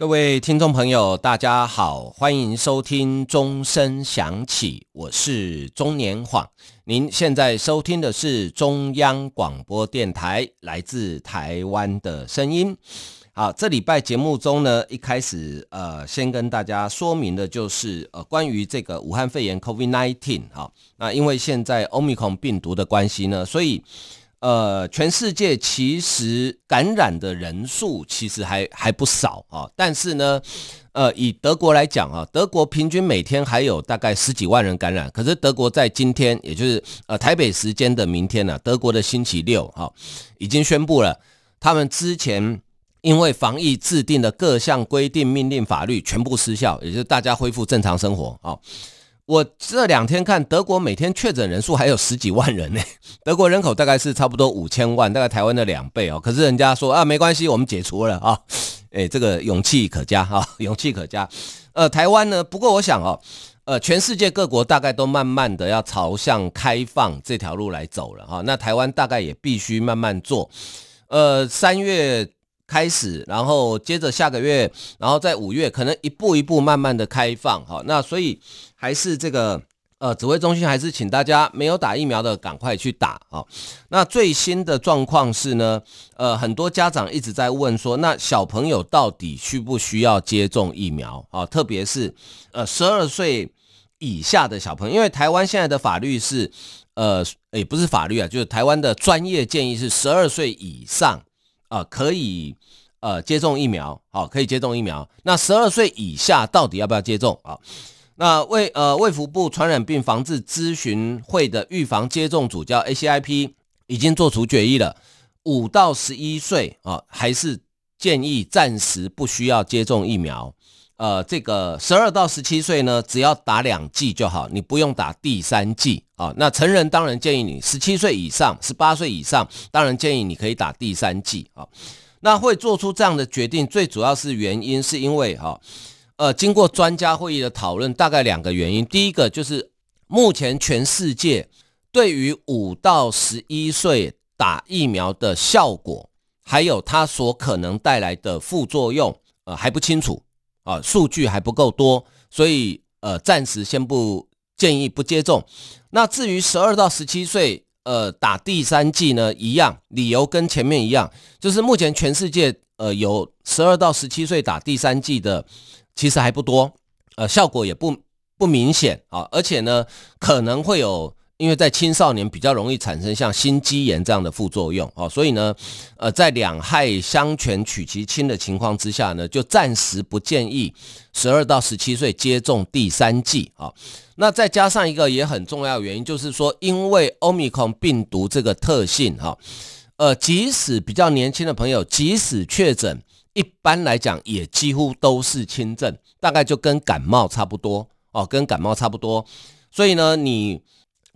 各位聽眾朋友，大家好，歡迎收聽鐘聲響起，我是鍾年晃。您現在收聽的是中央廣播電台來自台灣的聲音。好，這禮拜節目中呢，一開始呃，先跟大家說明的就是呃，關於這個武漢肺炎 COVID nineteen 哈，那因為現在 Omicron 病毒的關係呢，所以。呃，全世界其實感染的人數其實還還不少啊，但是呢，呃，以德國來講啊，德國平均每天還有大概十幾萬人感染。可是德國在今天，也就是呃台北時間的明天呢，德國的星期六哈，已經宣布了，他們之前因為防疫制定的各項規定、命令、法律全部失效，也就是大家恢復正常生活啊。我這兩天看德國每天確診人數還有十幾萬人呢，德國人口大概是差不多五千萬，大概台灣的兩倍哦。可是人家說啊，沒關係，我們解除了啊，誒，這個勇氣可嘉哈，勇氣可嘉。呃，台灣呢？不過我想哦，呃，全世界各國大概都慢慢的要朝向開放這條路來走了哈、哦。那台灣大概也必須慢慢做，呃，三月開始，然後接着下個月，然後在五月，可能一步一步慢慢的開放哈、哦。那所以。還是這個呃指揮中心，還是請大家沒有打疫苗的趕快去打啊、哦。那最新的狀況是呢，呃，很多家長一直在問說，那小朋友到底需不需要接種疫苗啊？特別是呃十二歲以下的小朋友，因為台灣現在的法律是，呃，也不是法律啊，就是台灣的專業建議是十二歲以上啊可以呃接種疫苗，好，可以接種疫苗、啊。那十二歲以下到底要不要接種啊？那為呃，衛福部傳染病防治諮詢會的預防接種組叫 ACIP，已經做出決議了5 11。五到十一歲啊，還是建議暫時不需要接種疫苗。呃、啊，這個十二到十七歲呢，只要打兩劑就好，你不用打第三劑啊。那成人當然建議你，十七歲以上、十八歲以上，當然建議你可以打第三劑啊。那會做出這樣的決定，最主要是原因是因為哈。啊呃，經過專家會議的討論，大概兩個原因。第一個就是目前全世界對於五到十一歲打疫苗的效果，還有它所可能帶來的副作用，呃，還不清楚啊，呃，數據還不夠多，所以呃，暫時先不建議不接種。那至於十二到十七歲，呃，打第三劑呢，一樣，理由跟前面一樣，就是目前全世界呃，有十二到十七歲打第三劑的。其實還不多，呃，效果也不不明顯啊，而且呢，可能會有，因為在青少年比較容易產生像心肌炎這樣的副作用啊，所以呢，呃，在兩害相權取其輕的情況之下呢，就暫時不建議十二到十七歲接種第三劑啊。那再加上一個也很重要的原因，就是說，因為 Omicron 病毒這個特性哈、啊，呃，即使比較年輕的朋友，即使確診。一般來講，也幾乎都是輕症，大概就跟感冒差不多哦，跟感冒差不多。所以呢，你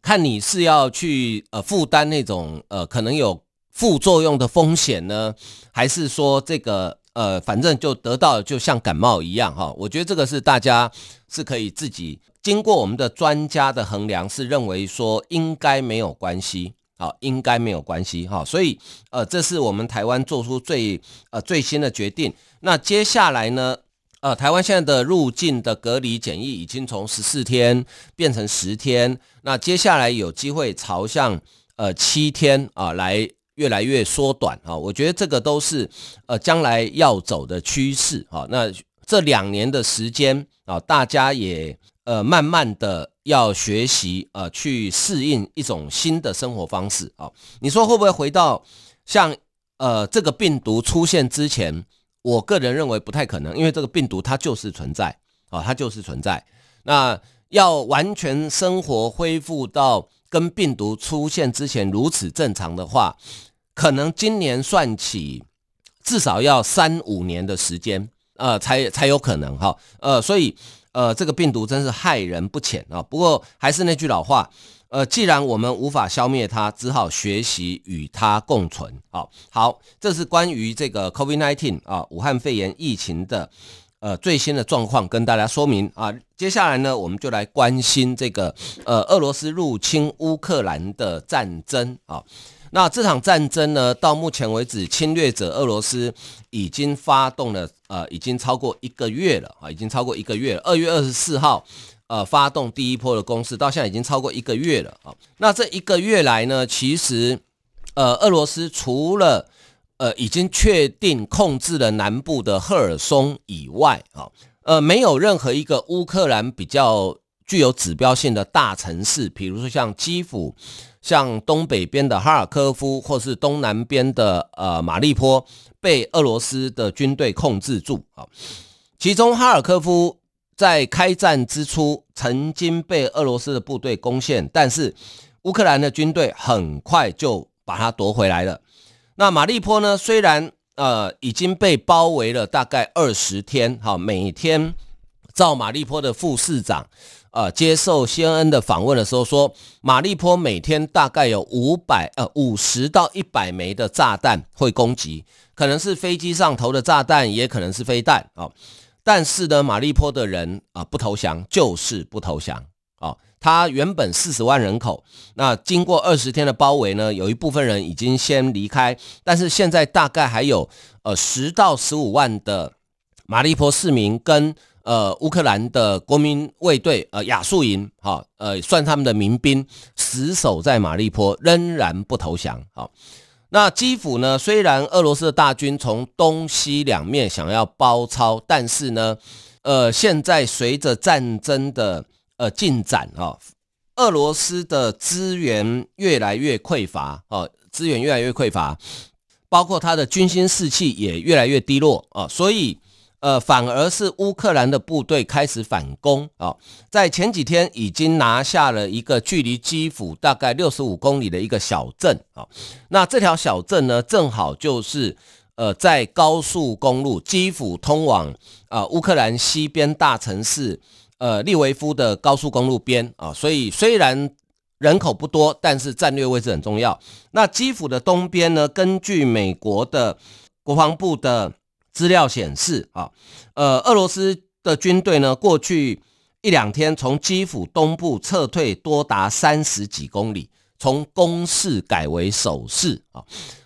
看你是要去呃負擔那種呃可能有副作用的風險呢，還是說這個呃反正就得到就像感冒一樣哈、哦？我覺得這個是大家是可以自己經過我們的專家的衡量，是認為說應該沒有關係。好，應該沒有關係哈，所以，呃，這是我們台灣做出最呃最新的決定。那接下來呢，呃，台灣現在的入境的隔離檢疫已經從十四天變成十天，那接下來有機會朝向呃七天啊來越來越縮短啊，我覺得這個都是呃將來要走的趨勢啊。那這兩年的時間啊，大家也呃慢慢的。要學習呃，去適應一種新的生活方式啊、哦。你說會不會回到像呃這個病毒出現之前？我個人認為不太可能，因為這個病毒它就是存在啊、哦，它就是存在。那要完全生活恢復到跟病毒出現之前如此正常的話，可能今年算起至少要三五年的時間呃，才才有可能哈、哦、呃，所以。呃，這個病毒真是害人不淺啊！不過還是那句老話，呃，既然我們無法消滅它，只好學習與它共存。好、啊、好，這是關於這個 COVID-19 啊，武漢肺炎疫情的呃最新的狀況，跟大家說明啊。接下來呢，我們就來關心這個呃俄羅斯入侵烏克蘭的戰爭啊。那這場戰爭呢，到目前為止，侵略者俄羅斯已經發動了，呃，已經超過一個月了啊，已經超過一個月了。二月二十四號，呃，發動第一波的攻勢，到現在已經超過一個月了啊、哦。那這一個月來呢，其實，呃，俄羅斯除了，呃，已經確定控制了南部的赫爾松以外，啊，呃，沒有任何一個烏克蘭比較具有指標性的大城市，比如說像基輔。像東北邊的哈爾科夫，或是東南邊的呃馬利坡，被俄羅斯的軍隊控制住啊。其中哈爾科夫在開戰之初曾經被俄羅斯的部隊攻陷，但是烏克蘭的軍隊很快就把它奪回來了。那馬利坡呢？雖然呃已經被包圍了大概二十天，哈，每天照馬利坡的副市長。呃，接受 CNN 的訪問的時候說，馬利坡每天大概有五百呃五十到一百枚的炸彈會攻擊，可能是飛機上投的炸彈，也可能是飛彈哦，但是呢，馬利坡的人啊、呃、不投降就是不投降哦，他原本四十萬人口，那經過二十天的包圍呢，有一部分人已經先離開，但是現在大概還有呃十到十五萬的馬利坡市民跟呃，烏克蘭的國民衛隊，呃，亞速營，好、哦，呃，算他們的民兵，死守在馬利坡，仍然不投降。好、哦，那基輔呢？雖然俄羅斯的大軍從東西兩面想要包抄，但是呢，呃，現在隨着戰爭的呃進展，哈、哦，俄羅斯的資源越來越匱乏，哦，資源越來越匱乏，包括他的軍心士氣也越來越低落啊、哦，所以。呃，反而是烏克蘭的部隊開始反攻啊、哦，在前幾天已經拿下了一個距離基輔大概六十五公里的一個小鎮啊、哦。那這條小鎮呢，正好就是呃在高速公路基輔通往啊呃、烏克蘭西邊大城市呃利維夫的高速公路邊啊、哦。所以雖然人口不多，但是戰略位置很重要。那基輔的東邊呢，根據美國的國防部的。資料顯示啊，呃，俄羅斯的軍隊呢，過去一兩天從基輔東部撤退多達三十幾公里，從攻勢改為守勢啊，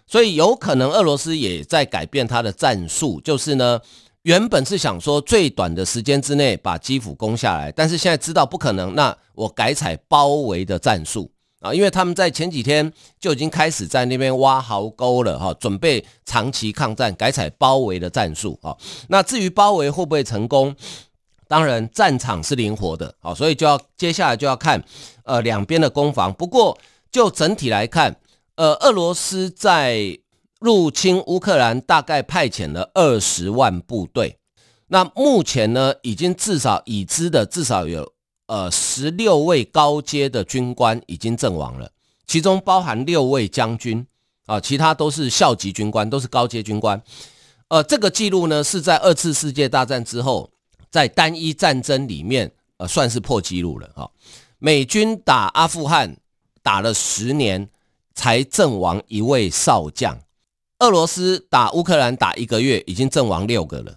所以有可能俄羅斯也在改變他的戰術，就是呢，原本是想說最短的時間之內把基輔攻下來，但是現在知道不可能，那我改採包圍的戰術。啊，因為他們在前幾天就已經開始在那邊挖壕溝了哈，準備長期抗戰，改採包圍的戰術啊。那至於包圍會不會成功，當然戰場是靈活的，好，所以就要接下來就要看呃兩邊的攻防。不過就整體來看，呃，俄羅斯在入侵烏克蘭大概派遣了二十萬部隊，那目前呢已經至少已知的至少有。呃，十六位高階的軍官已經陣亡了，其中包含六位將軍，啊，其他都是校級軍官，都是高階軍官。呃，這個記錄呢，是在二次世界大戰之後，在單一戰爭裡面，呃，算是破紀錄了啊。美軍打阿富汗打了十年，才陣亡一位少將；俄羅斯打烏克蘭打一個月，已經陣亡六個了。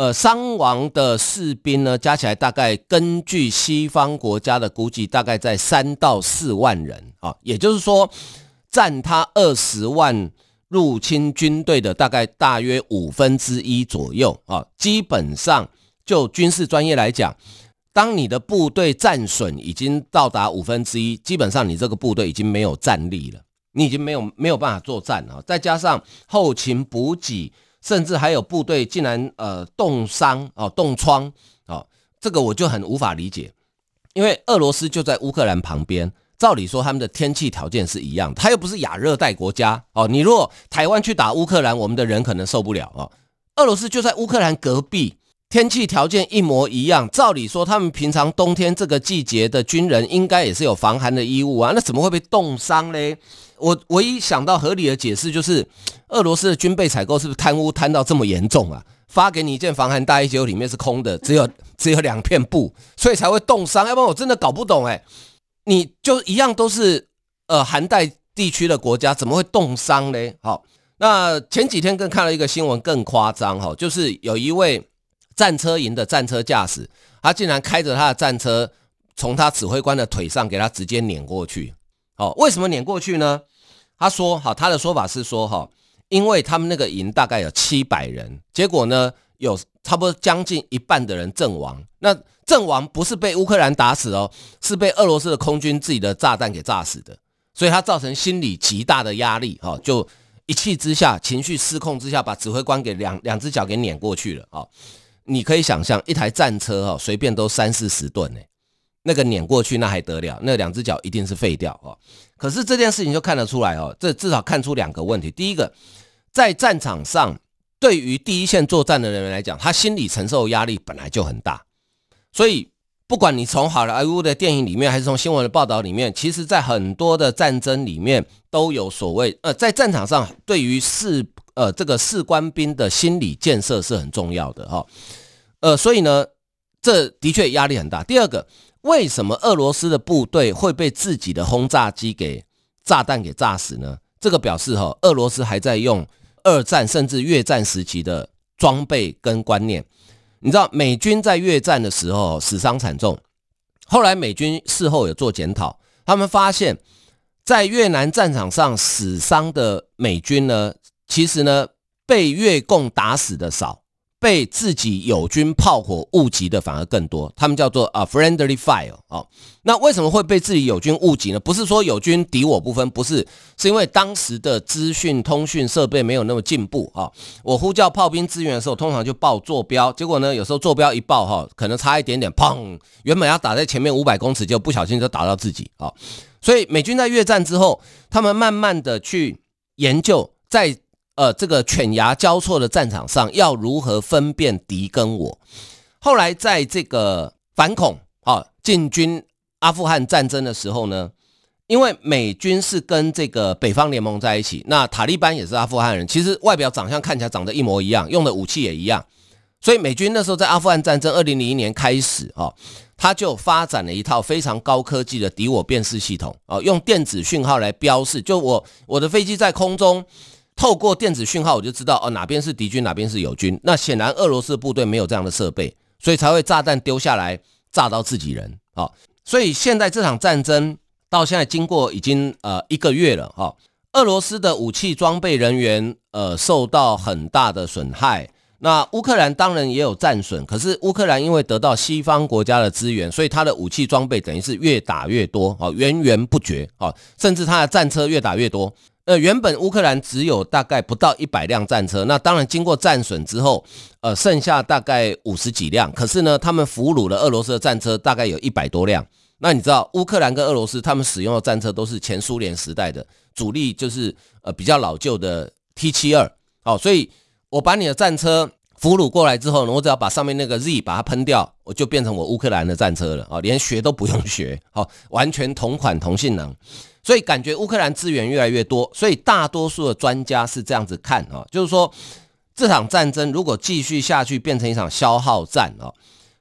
呃，傷亡的士兵呢，加起來大概，根據西方國家的估計，大概在三到四萬人啊，也就是說，占他二十萬入侵軍隊的大概大約五分之一左右啊。基本上，就軍事專業來講，當你的部隊戰損已經到達五分之一，基本上你這個部隊已經沒有戰力了，你已經沒有沒有辦法作戰了啊，再加上後勤補給。甚至還有部隊竟然呃凍傷哦凍瘡哦，這個我就很無法理解，因為俄羅斯就在烏克蘭旁邊，照理說他們的天氣條件是一樣的，他又不是亞熱帶國家哦。你如果台灣去打烏克蘭，我們的人可能受不了哦，俄羅斯就在烏克蘭隔壁，天氣條件一模一樣，照理說他們平常冬天這個季節的軍人應該也是有防寒的衣物啊，那怎麼會被凍傷嘞？我唯一想到合理的解釋就是，俄羅斯的軍備採購是不是貪污貪到這麼嚴重啊？發給你一件防寒大衣，結果裡面是空的，只有只有兩片布，所以才會凍傷。要不然我真的搞不懂哎、欸，你就一樣都是呃寒帶地區的國家，怎麼會凍傷呢？好，那前幾天更看了一個新聞更誇張哈，就是有一位戰車營的戰車駕駛，他竟然開着他的戰車從他指揮官的腿上給他直接碾過去。哦，為什麼碾過去呢？他說：“哈，他的說法是說，哈，因為他們那個營大概有七百人，結果呢，有差不多將近一半的人陣亡。那陣亡不是被烏克蘭打死哦，是被俄羅斯的空軍自己的炸彈給炸死的。所以他造成心理極大的壓力，哈，就一氣之下，情緒失控之下，把指揮官給兩兩只腳給碾過去了，啊，你可以想象一台戰車，哦，隨便都三四十噸呢。”那個碾過去，那還得了？那兩只腳一定是廢掉哦。可是這件事情就看得出來哦，這至少看出兩個問題。第一個，在戰場上，對於第一線作戰的人員來講，他心理承受壓力本來就很大。所以，不管你從好萊塢的電影裡面，還是從新聞的報道裡面，其實，在很多的戰爭裡面都有所謂呃，在戰場上，對於士呃這個士官兵的心理建設是很重要的哦。呃，所以呢，這的確壓力很大。第二個。為什麼俄羅斯的部隊會被自己的轟炸機給炸彈給炸死呢？這個表示哈，俄羅斯還在用二戰甚至越戰時期的裝備跟觀念。你知道美軍在越戰的時候死傷慘重，後來美軍事後有做檢討，他們發現在越南戰場上死傷的美軍呢，其實呢，被越共打死的少。被自己友軍炮火誤擊的反而更多，他們叫做啊 friendly fire 哈、哦。那為什麼會被自己友軍誤擊呢？不是說友軍敵我不分，不是，是因為當時的資訊通訊設備沒有那麼進步啊、哦。我呼叫炮兵支援的時候，通常就報坐標，結果呢，有時候坐標一報哈，可能差一點點，砰，原本要打在前面五百公尺，就不小心就打到自己啊、哦。所以美軍在越戰之後，他們慢慢的去研究，在呃，這個犬牙交錯的戰場上，要如何分辨敵跟我？後來在這個反恐啊，進軍阿富汗戰爭的時候呢，因為美軍是跟這個北方聯盟在一起，那塔利班也是阿富汗人，其實外表長相看起來長得一模一樣，用的武器也一樣，所以美軍那時候在阿富汗戰爭，二零零一年開始啊，他就發展了一套非常高科技的敵我辨識系統啊，用電子訊號來標示，就我我的飛機在空中。透過電子訊號，我就知道哦哪邊是敵軍，哪邊是友軍。那顯然俄羅斯的部隊沒有這樣的設備，所以才會炸彈丟下來炸到自己人。好，所以現在這場戰爭到現在經過已經呃一個月了哈、哦。俄羅斯的武器裝備人員呃受到很大的損害，那烏克蘭當然也有戰損，可是烏克蘭因為得到西方國家的支援，所以他的武器裝備等於是越打越多啊、哦，源源不絕啊、哦，甚至他的戰車越打越多。那、呃、原本烏克蘭只有大概不到一百輛戰車，那當然經過戰損之後，呃，剩下大概五十幾輛。可是呢，他們俘虜了俄羅斯的戰車，大概有一百多輛。那你知道烏克蘭跟俄羅斯他們使用的戰車都是前蘇聯時代的主力，就是呃比較老舊的 T 七二。好，所以我把你的戰車俘虜過來之後呢，我只要把上面那個 Z 把它噴掉，我就變成我烏克蘭的戰車了啊，連學都不用學，好，完全同款同性能。所以感覺烏克蘭資源越來越多，所以大多數的專家是這樣子看啊，就是說這場戰爭如果繼續下去，變成一場消耗戰啊，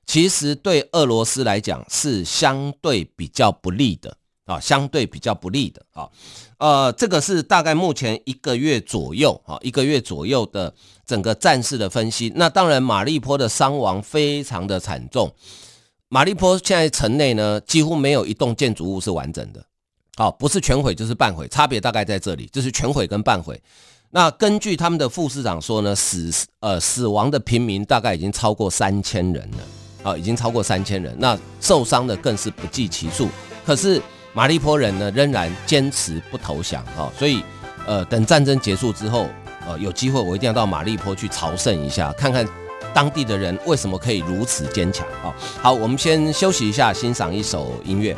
其實對俄羅斯來講是相對比較不利的啊，相對比較不利的啊。呃，這個是大概目前一個月左右啊，一個月左右的整個戰事的分析。那當然，馬立波的傷亡非常的慘重，馬立波現在城內呢，幾乎沒有一棟建築物是完整的。好，不是全毀就是半毀，差別大概在這裡，就是全毀跟半毀。那根據他們的副市長說呢，死呃死亡的平民大概已經超過三千人了，啊、呃，已經超過三千人。那受傷的更是不計其數。可是馬利坡人呢，仍然堅持不投降啊、呃。所以，呃，等戰爭結束之後，呃，有機會我一定要到馬利坡去朝聖一下，看看當地的人為什麼可以如此堅強啊。好，我們先休息一下，欣賞一首音樂。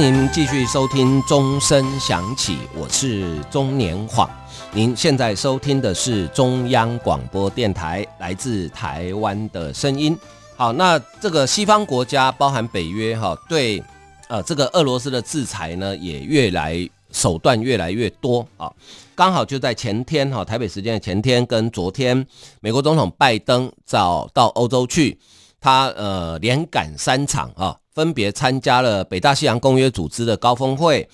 您繼續收聽鐘聲響起，我是鍾年晃。您現在收聽的是中央廣播電臺來自臺灣的聲音。好，那這個西方國家，包含北約哈、哦，對，呃，這個俄羅斯的制裁呢，也越來手段越來越多啊。剛、哦、好就在前天哈，臺北時間的前天跟昨天，美國總統拜登到歐洲去，他呃，連趕三場啊。哦分別參加了北大西洋公約組織的高峰會，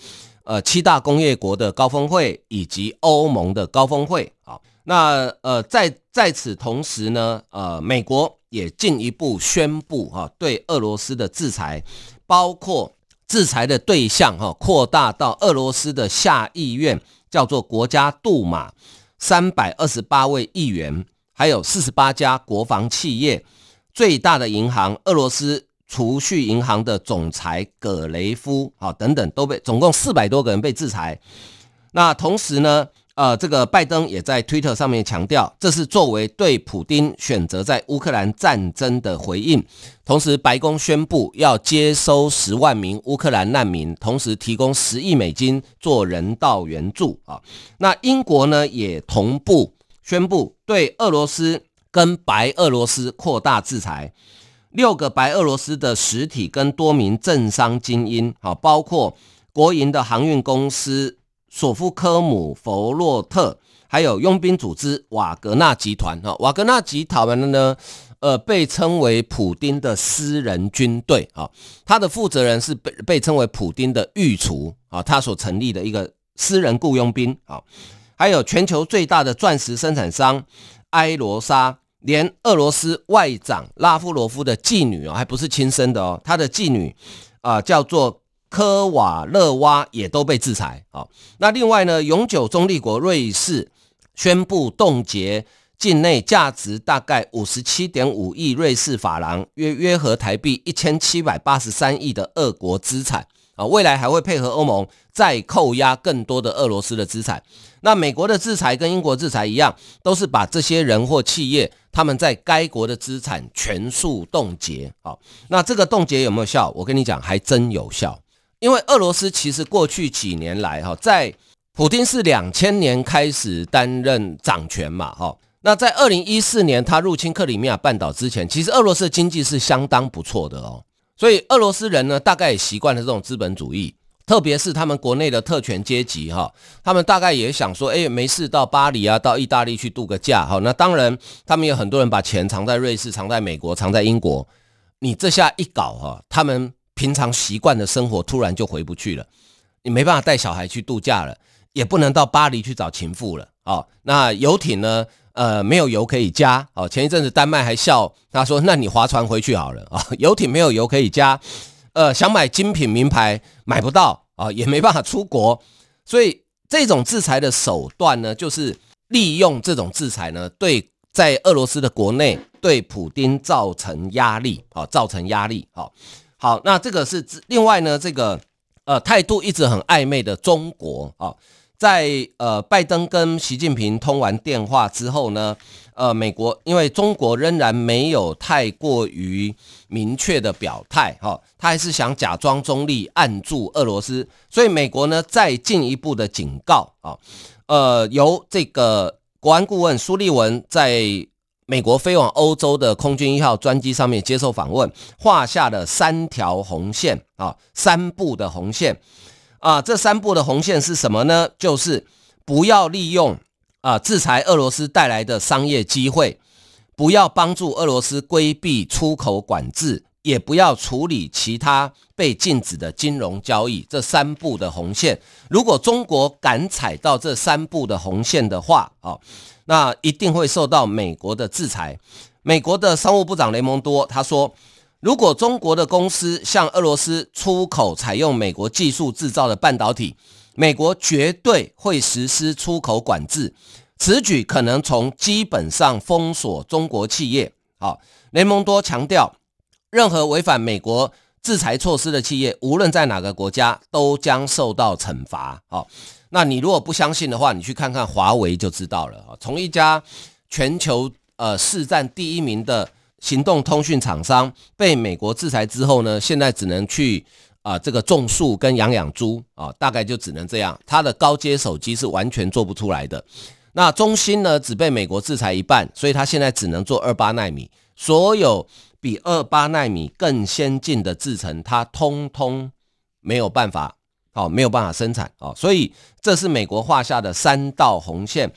呃，七大工業國的高峰會以及歐盟的高峰會。好，那呃，在在此同時呢，呃，美國也進一步宣布哈、啊、對俄羅斯的制裁，包括制裁的對象哈、啊、擴大到俄羅斯的下議院，叫做國家杜馬，三百二十八位議員，還有四十八家國防企業，最大的銀行俄羅斯。儲蓄銀行的總裁葛雷夫，啊等等都被總共四百多個人被制裁。那同時呢，呃，這個拜登也在推特上面強調，這是作為對普丁選擇在烏克蘭戰爭的回應。同時，白宮宣布要接收十萬名烏克蘭難民，同時提供十億美金做人道援助啊。那英國呢也同步宣布對俄羅斯跟白俄羅斯擴大制裁。六個白俄羅斯的實體跟多名政商精英，啊，包括國營的航運公司索夫科姆弗洛特，還有傭兵組織瓦格納集團，哈，瓦格納集團呢，呃，被稱為普丁的私人軍隊，啊，他的負責人是被被稱為普丁的御廚，啊，他所成立的一個私人僱傭兵，啊，還有全球最大的鑽石生產商埃羅莎。連俄羅斯外長拉夫羅夫的繼女哦，還不是親生的哦，他的繼女啊叫做，科瓦勒娃，也都被制裁啊、哦。那另外呢，永久中立國瑞士宣布凍結境內價值大概五十七點五億瑞士法郎，約約合台幣一千七百八十三億的俄國資產。啊，未來還會配合歐盟再扣押更多的俄羅斯的資產。那美國的制裁跟英國制裁一樣，都是把這些人或企業他們在該國的資產全數凍結。好，那這個凍結有沒有效？我跟你講，還真有效。因為俄羅斯其實過去幾年來，哈，在普丁是兩千年開始擔任掌權嘛，哈，那在二零一四年他入侵克里米亞半島之前，其實俄羅斯的經濟是相當不錯的哦。所以俄羅斯人呢，大概也習慣了這種資本主義，特別是他們國內的特權階級哈、哦，他們大概也想說，哎，沒事，到巴黎啊，到意大利去度個假哈、哦。那當然，他們有很多人把錢藏在瑞士，藏在美國，藏在英國。你這下一搞哈、哦，他們平常習慣的生活突然就回不去了，你沒辦法帶小孩去度假了，也不能到巴黎去找情婦了啊、哦。那遊艇呢？呃，沒有油可以加哦。前一陣子丹麥還笑，他說：“那你划船回去好了啊。”遊艇沒有油可以加，呃，想買精品名牌買不到啊、哦，也沒辦法出國。所以這種制裁的手段呢，就是利用這種制裁呢，對在俄羅斯的國內對普丁造成壓力啊、哦，造成壓力、哦。好，好，那這個是另外呢，這個呃，態度一直很曖昧的中國啊、哦。在呃，拜登跟習近平通完電話之後呢，呃，美國因為中國仍然沒有太過於明確的表態哈、哦，他還是想假裝中立，按住俄羅斯，所以美國呢再進一步的警告啊、哦，呃，由這個國安顧問蘇立文在美國飛往歐洲的空軍一號專機上面接受訪問，畫下了三條紅線啊、哦，三步的紅線。啊，這三步的紅線是什麼呢？就是不要利用啊制裁俄羅斯帶來的商業機會，不要幫助俄羅斯規避出口管制，也不要處理其他被禁止的金融交易。這三步的紅線，如果中國敢踩到這三步的紅線的話，啊，那一定會受到美國的制裁。美國的商務部長雷蒙多他說。如果中國的公司向俄羅斯出口採用美國技術制造的半導體，美國絕對會實施出口管制。此舉可能從基本上封鎖中國企業。好，雷蒙多強調，任何違反美國制裁措施的企業，無論在哪個國家，都將受到懲罰。好，那你如果不相信的話，你去看看華為就知道了。從一家全球呃市佔第一名的。行動通訊廠商被美國制裁之後呢，現在只能去啊、呃、這個種樹跟養養豬啊、哦，大概就只能這樣。他的高階手機是完全做不出來的。那中芯呢，只被美國制裁一半，所以他現在只能做二八奈米，所有比二八奈米更先進的制程，它通通沒有辦法，好、哦、沒有辦法生產啊、哦。所以這是美國畫下的三道紅線。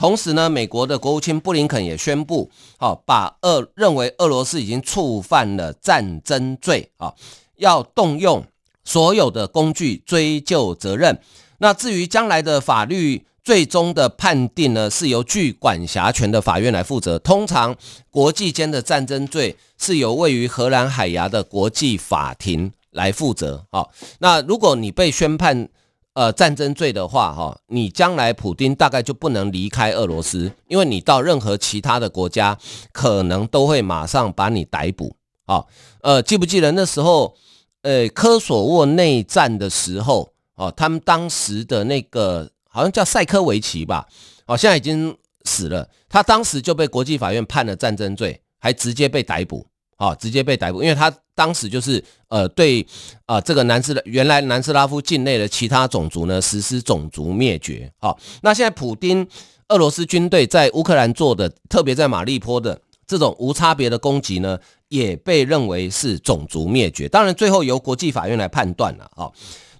同時呢，美國的國務卿布林肯也宣布，好、哦，把俄認為俄羅斯已經觸犯了戰爭罪啊、哦，要動用所有的工具追究責任。那至於將來的法律最終的判定呢，是由具管轄權的法院來負責。通常，國際間的戰爭罪是由位於荷蘭海牙的國際法庭來負責啊、哦。那如果你被宣判，呃，戰爭罪的話，哈、哦，你將來普丁大概就不能離開俄羅斯，因為你到任何其他的國家，可能都會馬上把你逮捕。啊、哦，呃，記不記得那時候，呃，科索沃內戰的時候，哦，他們當時的那個好像叫塞科維奇吧，哦，現在已經死了，他當時就被國際法院判了戰爭罪，還直接被逮捕。好，直接被逮捕，因為他當時就是呃，對，呃，這個南斯的原來南斯拉夫境內的其他種族呢，實施種族滅絕。好，那現在普丁俄羅斯軍隊在烏克蘭做的，特別在馬立波的這種無差別的攻擊呢，也被認為是種族滅絕。當然，最後由國際法院來判斷了。哈，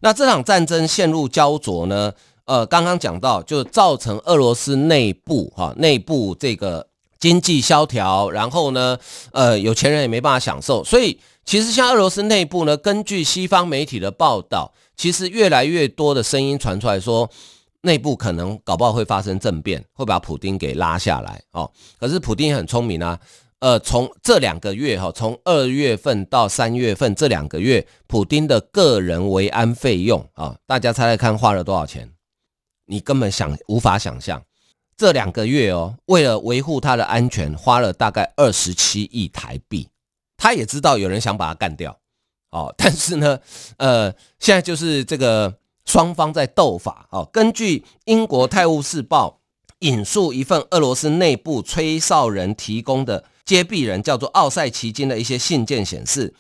那這場戰爭陷入膠著呢，呃，剛剛講到，就造成俄羅斯內部哈、哦、內部這個。經濟蕭條，然後呢，呃，有錢人也沒辦法享受，所以其實像俄羅斯內部呢，根據西方媒體的報道，其實越來越多的聲音傳出來說，內部可能搞不好會發生政變，會把普丁給拉下來哦。可是普丁很聰明啊，呃，從這兩個月哈、哦，從二月份到三月份這兩個月，普丁的個人維安費用啊、哦，大家猜猜看花了多少錢？你根本想無法想象。這兩個月哦，為了維護他的安全，花了大概二十七億台幣。他也知道有人想把他幹掉，哦，但是呢，呃，現在就是這個雙方在鬥法哦。根據英國《泰晤士報》引述一份俄羅斯內部吹哨人提供的接臂人，叫做奧塞奇金的一些信件顯示，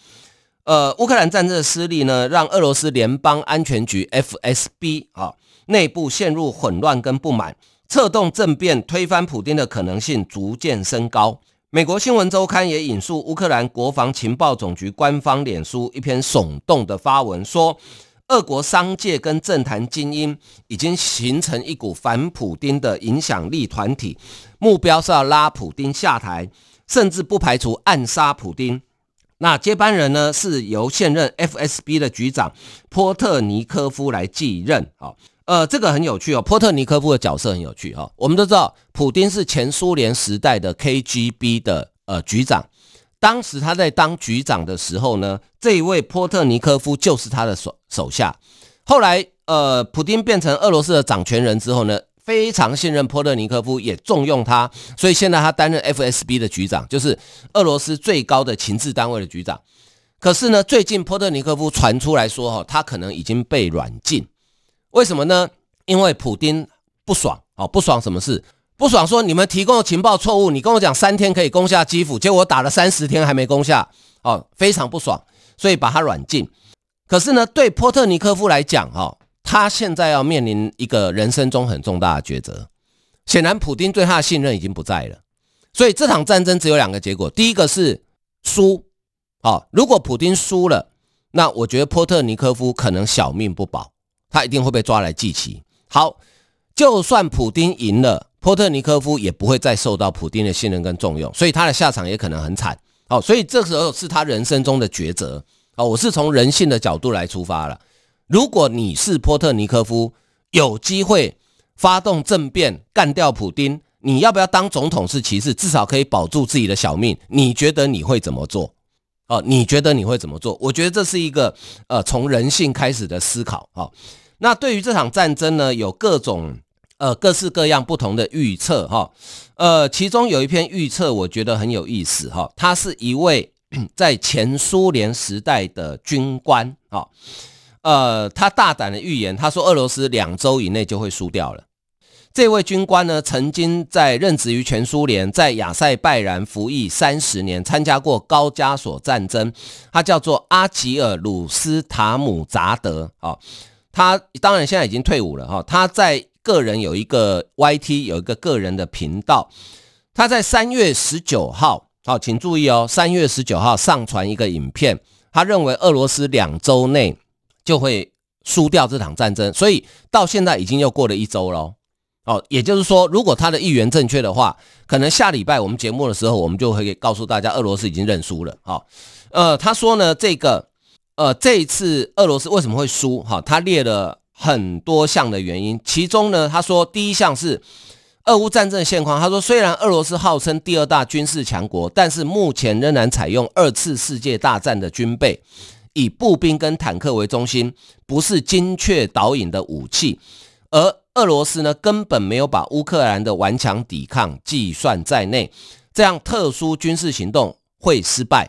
呃，烏克蘭戰爭的失利呢，讓俄羅斯聯邦安全局 FSB 啊，哦，內部陷入混亂跟不滿。策動政變推翻普丁的可能性逐漸升高。美國新聞周刊也引述烏克蘭國防情報總局官方臉書一篇聳動的發文，說，俄國商界跟政壇精英已經形成一股反普丁的影響力團體，目標是要拉普丁下台，甚至不排除暗殺普丁。那接班人呢？是由現任 FSB 的局長波特尼科夫來繼任。呃，這個很有趣哦，波特尼科夫的角色很有趣哈，哦。我們都知道，普丁是前蘇聯時代的 KGB 的呃局長，當時他在當局長的時候呢，這一位波特尼科夫就是他的手手下。後來，呃，普丁變成俄羅斯的掌權人之後呢，非常信任波特尼科夫，也重用他，所以現在他擔任 FSB 的局長，就是俄羅斯最高的情治單位的局長。可是呢，最近波特尼科夫傳出來說，哦，哈，他可能已經被軟禁。為什麼呢？因為普丁不爽哦，不爽什麼事？不爽說你們提供的情報錯誤，你跟我講三天可以攻下基輔，結果打了三十天還沒攻下哦，非常不爽，所以把他軟禁。可是呢，對波特尼科夫來講哈，他現在要面臨一個人生中很重大的抉擇。顯然，普丁對他的信任已經不在了，所以這場戰爭只有兩個結果：第一個是輸哦，如果普丁輸了，那我覺得波特尼科夫可能小命不保。他一定會被抓來祭旗。好，就算普丁贏了，波特尼科夫也不會再受到普丁的信任跟重用，所以他的下場也可能很慘。好，所以這時候是他人生中的抉擇。好，我是從人性的角度來出發了。如果你是波特尼科夫，有機會發動政變幹掉普丁，你要不要當總統是其次，至少可以保住自己的小命？你覺得你會怎麼做？哦，你覺得你會怎麼做？我覺得這是一個呃，從人性開始的思考啊。那對於這場戰爭呢，有各種呃各式各樣不同的預測哈。呃，其中有一篇預測我覺得很有意思哈，他是一位在前蘇聯時代的軍官啊、哦。呃，他大膽的預言，他說俄羅斯兩周以內就會輸掉了。這位軍官呢，曾經在任職於前蘇聯，在亞塞拜然服役三十年，參加過高加索戰爭。他叫做阿吉爾魯斯塔姆扎德。他當然現在已經退伍了。哈，他在個人有一個 YT 有一個個人的頻道。他在三月十九號，好，請注意哦，三月十九號上傳一個影片。他認為俄羅斯兩周內就會輸掉這場戰爭，所以到現在已經又過了一周嘍。哦，也就是說，如果他的預言正確的話，可能下禮拜我們節目的時候，我們就會告訴大家，俄羅斯已經認輸了。哈、哦，呃，他說呢，這個，呃，這一次俄羅斯為什麼會輸？哈、哦，他列了很多項的原因，其中呢，他說第一項是俄烏戰爭的現況。他說，雖然俄羅斯號稱第二大軍事強國，但是目前仍然採用二次世界大戰的軍備，以步兵跟坦克為中心，不是精確導引的武器，而。俄羅斯呢，根本沒有把烏克蘭的頑強抵抗計算在內，這樣特殊軍事行動會失敗。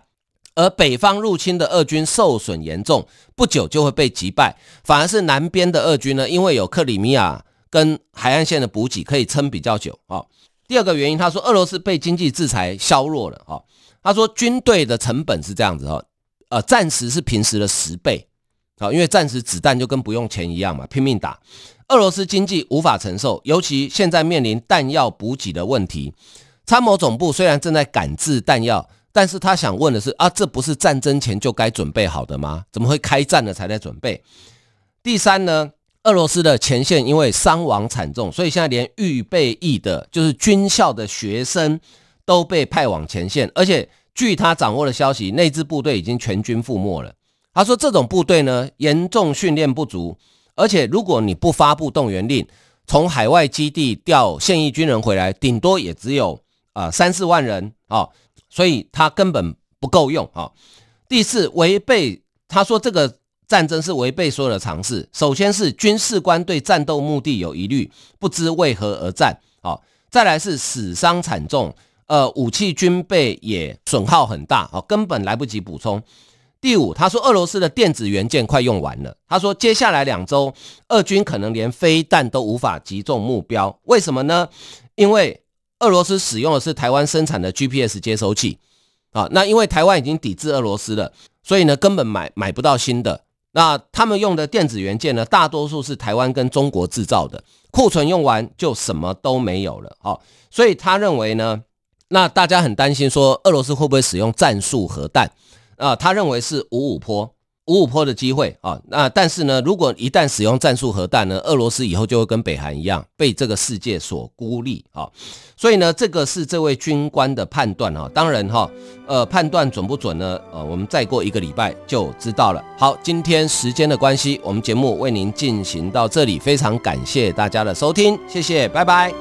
而北方入侵的俄軍受損嚴重，不久就會被擊敗。反而是南邊的俄軍呢，因為有克里米亞跟海岸線的補給，可以撐比較久。哦，第二個原因，他說俄羅斯被經濟制裁削弱了。哦，他說軍隊的成本是這樣子。哦呃、戰時是平時的十倍。哦，因為戰時子彈就跟不用錢一樣嘛，拼命打。俄羅斯經濟無法承受，尤其現在面臨彈藥補給的問題。參謀總部雖然正在趕製彈藥，但是他想問的是啊，這不是戰爭前就該準備好的嗎？怎麼會開戰了才在準備？第三呢，俄羅斯的前線因為傷亡慘重，所以現在連預備役的，就是軍校的學生都被派往前線，而且據他掌握的消息，那支部隊已經全軍覆沒了。他說這種部隊呢，嚴重訓練不足。而且，如果你不發佈動員令，從海外基地調現役軍人回來，頂多也只有啊三四萬人哦，所以他根本不夠用啊、哦。第四，違背他說這個戰爭是違背所有的常識，首先是軍事官對戰鬥目的有疑慮，不知為何而戰哦。再來是死傷慘重，呃，武器軍備也損耗很大哦，根本來不及補充。第五，他說俄羅斯的電子元件快用完了。他說接下來兩周，俄軍可能連飛彈都無法擊中目標。為什麼呢？因為俄羅斯使用的是台灣生產的 GPS 接收器。啊、哦，那因為台灣已經抵制俄羅斯了，所以呢，根本買買不到新的。那他們用的電子元件呢，大多數是台灣跟中國製造的，庫存用完就什麼都沒有了。好、哦，所以他認為呢，那大家很擔心說俄羅斯會不會使用戰術核彈？啊，他認為是五五波，五五波的機會啊。那但是呢，如果一旦使用戰術核彈呢，俄羅斯以後就會跟北韓一樣被這個世界所孤立啊。所以呢，這個是這位軍官的判斷啊。當然哈、啊，呃，判斷準不準呢？呃，我們再過一個禮拜就知道了。好，今天時間的關係，我們節目為您進行到這裡，非常感謝大家的收聽，謝謝，拜拜。